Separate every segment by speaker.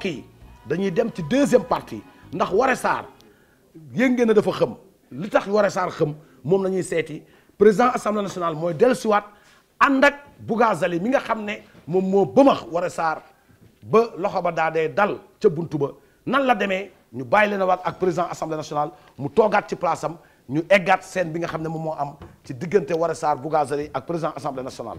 Speaker 1: kii dañuy dem ci deuxième partie ndax Woré Sarr yënge na dafa xëm li tax Woré Sarr xëm moom la ñuy seeti président assemblée nationale mooy dellusiwaat ànd ak Bougazali mi nga xam ne moom moo bëmax Woré Sarr ba loxo ba daadee dee dal ca buntu ba nan la demee ñu bàyyi leen a waat ak président assemblée nationale mu toogaat ci place am ñu eggaat seen bi nga xam ne moom moo am ci diggante Woré Sarr Bougazali ak président assemblée nationale.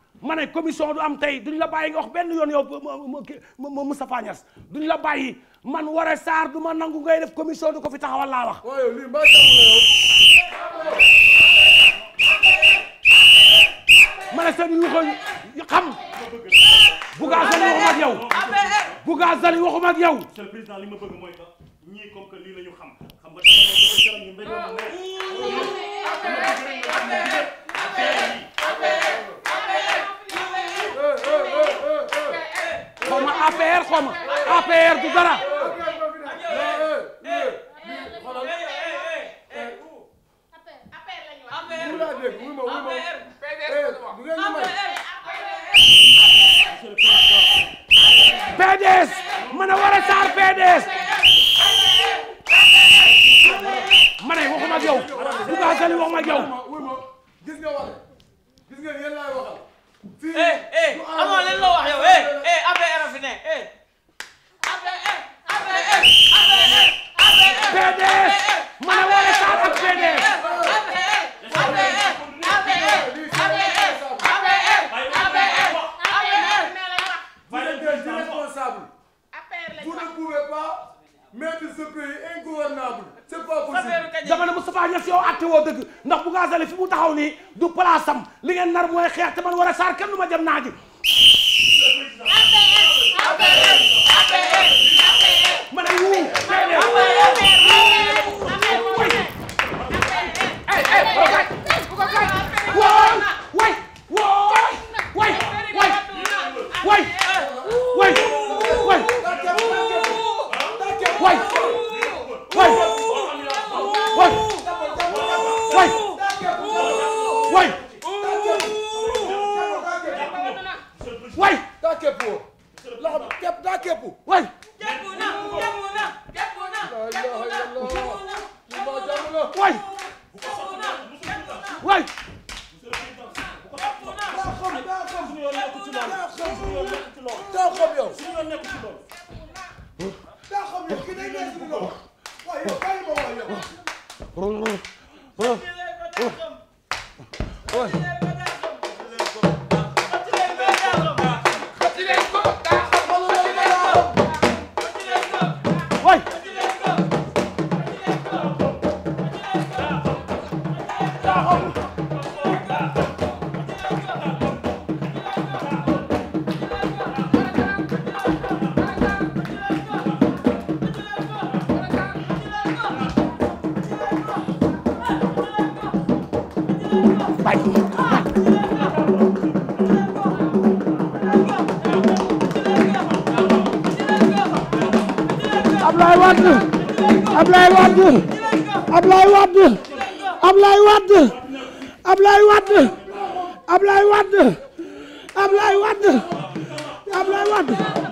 Speaker 1: mane ne commission du am tey duñ la bàyyi nga wax benn yoon yow Moustapha Niass duñ la bàyyi man Woré saar du ma nangu ngay def commission du ko fi taxawal laa wax. ma ne seen yuuxu xam. Bougazelli waxuma ak yow. Bougazelli waxuma ak yow. li ma bëgg ñii comme lii la xam xam APR xaw ma APR du dara. PDS ma ne war a saar PDS ma ne waxuma ak yow bu mettre ce pays ingouvernable c'est pas possible dama ne Moustapha Niass yow àtte woo dëgg ndax bu gazale fi mu taxaw nii du place am li ngeen nar mooy xeex te man war a saar kenn du ma jëm naa ji képp woo loxo bi képp daa képp way képp na képp na képp na képp na képp na way way daa xam yow daa xam yow ki day nekk ci loolu waaye yow bàyyi ma waaye yow Ablaye Wade Ablaye Wade Ablaye Wade Ablaye Wade